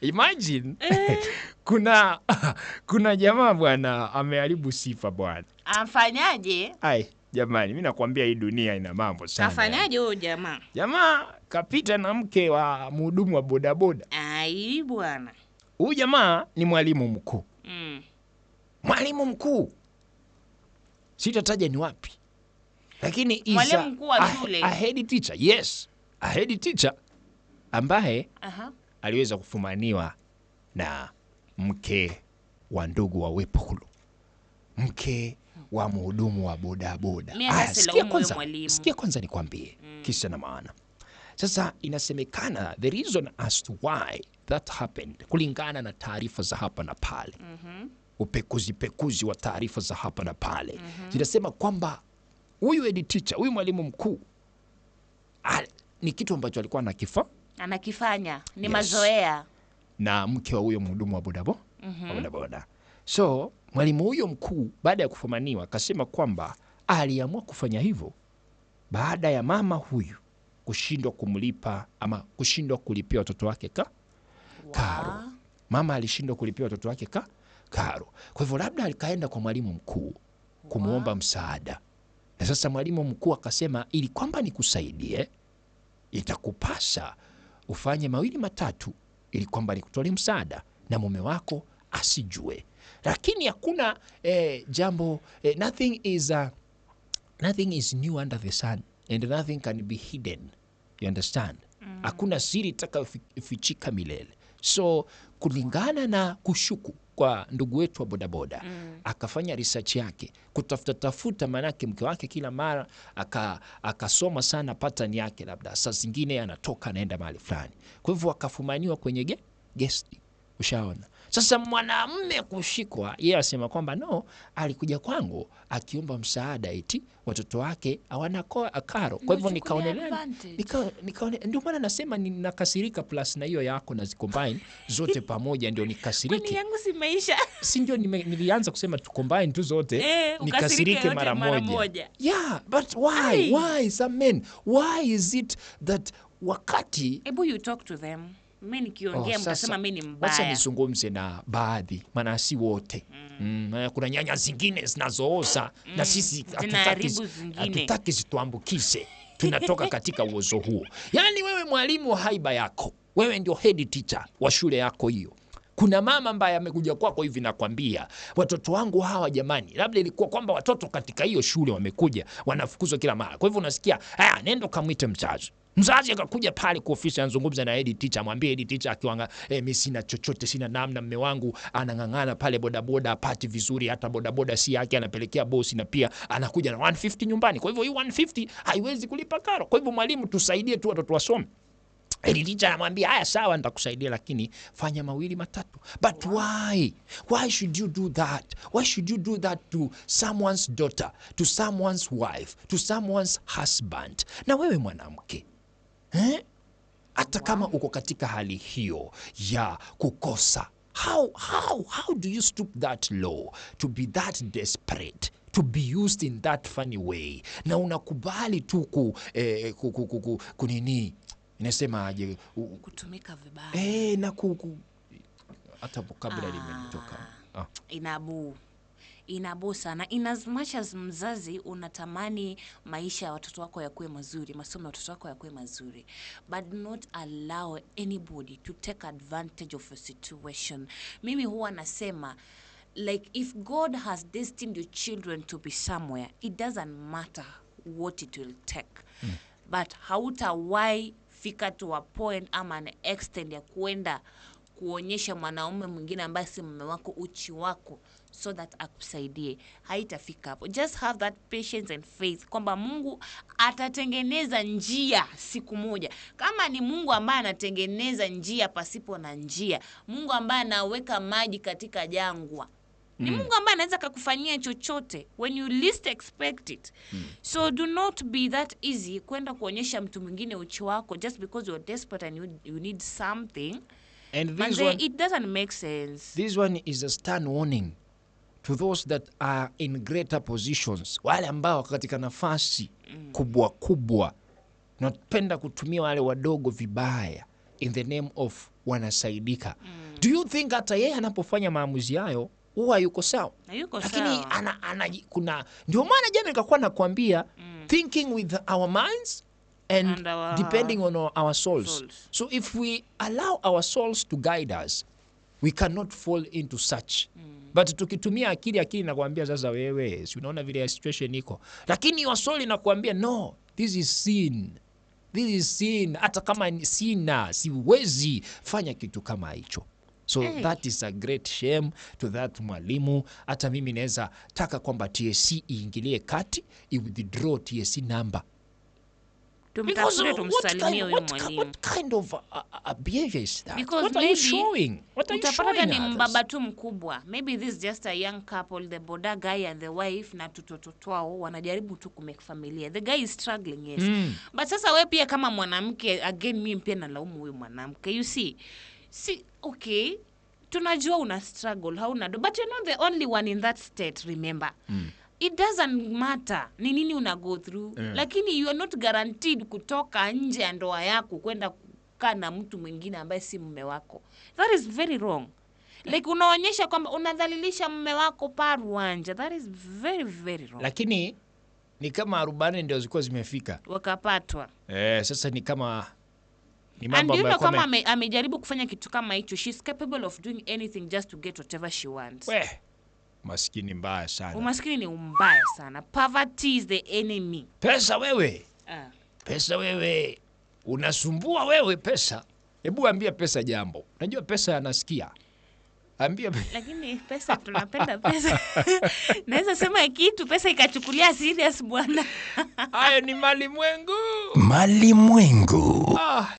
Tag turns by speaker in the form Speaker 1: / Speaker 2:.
Speaker 1: Imagine eh. Kuna kuna jamaa bwana ameharibu sifa bwana,
Speaker 2: amfanyaje?
Speaker 1: Ai jamani, mi nakwambia hii dunia ina mambo
Speaker 2: sana. Kafanyaje huyo jamaa?
Speaker 1: Jamaa kapita na mke wa mhudumu wa bodaboda.
Speaker 2: Ai bwana,
Speaker 1: huyu jamaa ni mwalimu mkuu mm. mwalimu mkuu sitataja ni wapi, lakini mwalimu
Speaker 2: mkuu wa shule,
Speaker 1: a head teacher. Yes, a head teacher ambaye Aha. aliweza kufumaniwa na mke wa ndugu wa Wepulu, mke wa mhudumu wa bodaboda.
Speaker 2: Sikia kwanza,
Speaker 1: sikia kwanza nikwambie mm. kisha na maana sasa inasemekana the reason as to why that happened, kulingana na taarifa za hapa na pale mm -hmm. upekuzi pekuzi wa taarifa za hapa na pale mm -hmm. zinasema kwamba huyu edi teacher, huyu mwalimu mkuu ni kitu ambacho alikuwa na
Speaker 2: anakifanya ni yes. mazoea
Speaker 1: na mke wa huyo mhudumu wa bodabo mm -hmm. bodaboda. So mwalimu huyo mkuu baada ya kufumaniwa akasema kwamba aliamua kufanya hivyo baada ya mama huyu kushindwa kumlipa ama kushindwa kulipia watoto wake ka wow. karo. Mama alishindwa kulipia watoto wake ka karo, kwa hivyo labda alikaenda kwa mwalimu mkuu kumwomba wow. msaada, na sasa mwalimu mkuu akasema, ili kwamba nikusaidie itakupasa ufanye mawili matatu ili kwamba nikutole msaada na mume wako asijue. Lakini hakuna eh, jambo eh, nothing is uh, nothing is new under the sun and nothing can be hidden you understand. Mm. Hakuna mm. siri itakayofichika milele. So kulingana na kushuku kwa ndugu wetu wa bodaboda mm. akafanya research yake kutafuta tafuta, maanake mke wake kila mara akasoma aka sana pattern yake, labda saa zingine anatoka anaenda mahali fulani, kwa hivyo akafumaniwa kwenye ge, guest Ushaona? Sasa mwanamme kushikwa, yeye asema kwamba no, alikuja kwangu akiomba msaada eti watoto wake hawana karo.
Speaker 2: Kwa hivyo nikaonelea
Speaker 1: nikaone, ndio maana nasema ninakasirika, plus na hiyo yako na zikombine zote pamoja, ndio nikasirike.
Speaker 2: yangu si maisha,
Speaker 1: si ndio? Nilianza kusema tukombine tu zote
Speaker 2: eh, nikasirike mara moja.
Speaker 1: Yeah, but why why some men why is it that wakati,
Speaker 2: hebu you talk to them mimi nikiongea oh, mtasema mimi ni mbaya.
Speaker 1: Wacha nizungumze na baadhi, maana si wote mm. Mm, eh, kuna nyanya zingine zinazooza mm. na sisi hatutaki zituambukize, tunatoka katika uozo huo. Yaani wewe mwalimu wa haiba yako, wewe ndio head teacher wa shule yako hiyo kuna mama ambaye amekuja kwako hivi, nakwambia watoto wangu hawa jamani, labda ilikuwa kwamba watoto katika hiyo shule wamekuja wanafukuzwa kila mara. Kwa hivyo unasikia, ah, nenda kamwite mzazi Mzazi akakuja pale kwa ofisi anazungumza na head teacher, amwambie head teacher akiwanga, eh, mimi sina chochote, sina namna, mme wangu anang'ang'ana pale bodaboda apati vizuri, hata bodaboda si yake, anapelekea bosi na pia anakuja na 150 nyumbani. Kwa hivyo hii 150 haiwezi kulipa karo. Kwa hivyo mwalimu, tusaidie tu watoto wasome. Elilicha anamwambia haya, sawa, nitakusaidia lakini fanya mawili matatu. But why? Why should you do that? Why should you do that to someone's daughter, to someone's wife, to someone's husband? Na wewe mwanamke eh? hata kama uko katika hali hiyo ya kukosa how, how, how do you stoop that low to be that desperate to be used in that funny way na unakubali tu ku, eh, ku, ku, ku, ku, kunini inasemaje
Speaker 2: kutumika vibaya
Speaker 1: eh, na ku, ku hata kabla ah, limetoka
Speaker 2: ah. inabu inabosa na in as much as mzazi unatamani maisha ya watoto wako yakuwe mazuri, masomo ya watoto wako yakuwe mazuri, but not allow anybody to take advantage of a situation. Mimi huwa nasema like if God has destined your children to be somewhere, it doesn't matter what it will take mm. but hautawai fika to a point ama an extend ya kuenda kuonyesha mwanaume mwingine ambaye si mume wako uchi wako so that akusaidie. Haitafika hapo, just have that patience and faith kwamba Mungu atatengeneza njia siku moja. Kama ni Mungu ambaye anatengeneza njia pasipo na njia, Mungu ambaye anaweka maji katika jangwa ni mm. Mungu ambaye anaweza kakufanyia chochote when you least expect it mm. So do not be that easy kwenda kuonyesha mtu mwingine uchi wako just because you are desperate and you, you need something mm.
Speaker 1: And this Manze, one,
Speaker 2: it doesn't make sense.
Speaker 1: This one is a stern warning to those that are in greater positions, wale ambao katika nafasi kubwa kubwa, napenda kutumia wale wadogo vibaya in the name of wanasaidika. Mm. Do you think hata yeye anapofanya maamuzi hayo huwa yuko sawa? Yuko sawa. lakini Ana, ana, kuna ndio maana jana nikakuwa nakwambia mm. thinking with our minds and, and our, depending on our, our souls. souls. So if we allow our souls to guide us, we cannot fall into such mm. but tukitumia akili, akili nakwambia sasa, wewe si unaona vile situation iko, lakini your soul inakwambia no, this is sin, this is sin. Hata kama sina, siwezi fanya kitu kama hicho. So hey. That is a great shame to that mwalimu. Hata mimi naweza taka kwamba TSC iingilie kati, i withdraw TSC number
Speaker 2: tumtafute tumsalimie huyu mwalimu.
Speaker 1: Uh, uh, uh, ni mbaba
Speaker 2: tu mkubwa. Maybe this is just a young couple, the boda guy and the wife na tutototwao wanajaribu tu kumake familia. The guy is struggling, yes. Mm. But sasa we pia kama mwanamke, again mimi pia nalaumu huyu mwanamke. You see, see, okay, tunajua una struggle, hauna do, but you're not the only one in that state, remember. Mm it doesn't matter ni nini una go through yeah. lakini you are not guaranteed kutoka nje ya ndoa yako kwenda kukaa na mtu mwingine ambaye si mume wako that is very wrong like unaonyesha kwamba unadhalilisha mume wako paruanja that is very very wrong
Speaker 1: lakini ni kama arobaini ndio zilikuwa zimefika
Speaker 2: wakapatwa
Speaker 1: eh, sasa ni kama
Speaker 2: ni mambo ambayo kama amejaribu kufanya kitu kama hicho she's capable of doing anything just to get whatever she wants
Speaker 1: We. Umaskini mbaya sana.
Speaker 2: Umaskini ni mbaya sana. Poverty is the enemy.
Speaker 1: Pesa wewe. Uh. Pesa wewe. Unasumbua wewe pesa. Hebu ambia pesa jambo. Unajua pesa anasikia. Ambia
Speaker 2: Lakini pesa tunapenda pesa. Naweza sema kitu pesa ikachukulia serious bwana.
Speaker 1: Hayo ni mali mwengu. Mali mwengu. Ah.